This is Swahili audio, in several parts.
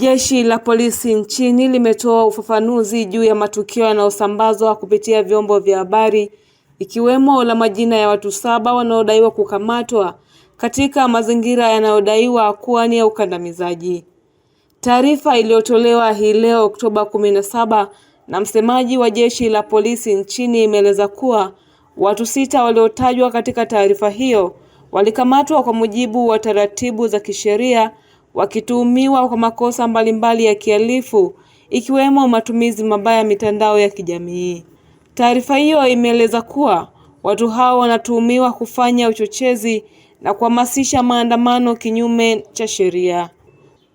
Jeshi la polisi nchini limetoa ufafanuzi juu ya matukio yanayosambazwa kupitia vyombo vya habari ikiwemo la majina ya watu saba wanaodaiwa kukamatwa katika mazingira yanayodaiwa kuwa ni ya ukandamizaji. Taarifa iliyotolewa hii leo Oktoba kumi na saba na msemaji wa jeshi la polisi nchini imeeleza kuwa watu sita waliotajwa katika taarifa hiyo walikamatwa kwa mujibu wa taratibu za kisheria wakituhumiwa kwa makosa mbalimbali ya kihalifu ikiwemo matumizi mabaya ya mitandao ya kijamii. Taarifa hiyo imeeleza kuwa watu hao wanatuhumiwa kufanya uchochezi na kuhamasisha maandamano kinyume cha sheria.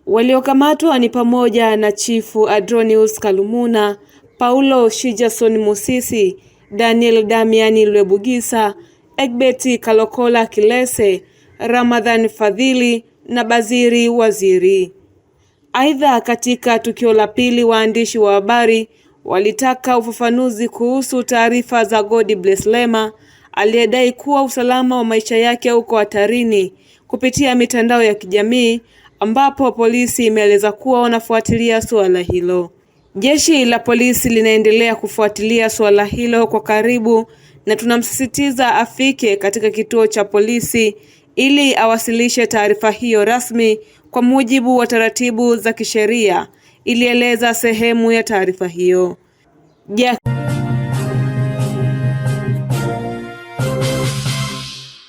Waliokamatwa ni pamoja na Chifu Adronius Kalumuna, Paulo Shijason Musisi, Daniel Damiani Lwebugisa, Egbert Kalokola Kilese, Ramadhan Fadhili na Baziri waziri. Aidha, katika tukio la pili, waandishi wa habari walitaka ufafanuzi kuhusu taarifa za godi Lema aliyedai kuwa usalama wa maisha yake uko hatarini kupitia mitandao ya kijamii ambapo polisi imeeleza kuwa wanafuatilia suala hilo. Jeshi la polisi linaendelea kufuatilia suala hilo kwa karibu na tunamsisitiza afike katika kituo cha polisi ili awasilishe taarifa hiyo rasmi kwa mujibu wa taratibu za kisheria, ilieleza sehemu ya taarifa hiyo.